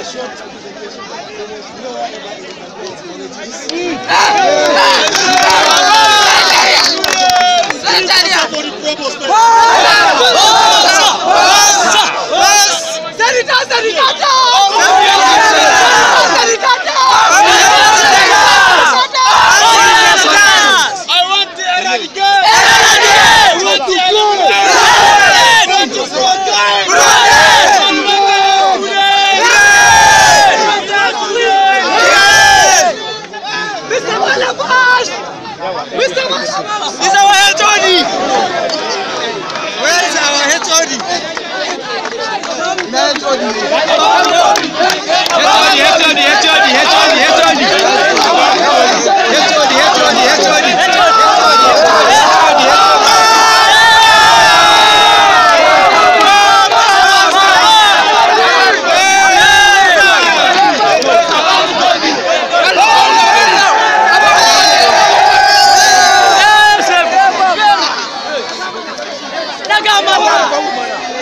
assured to his education that there was no one ever in the world for it. Sataria! Sataria! Mr. Bash! Mr. Bash! is our HOD! Where is our HOD? HOD! ga mata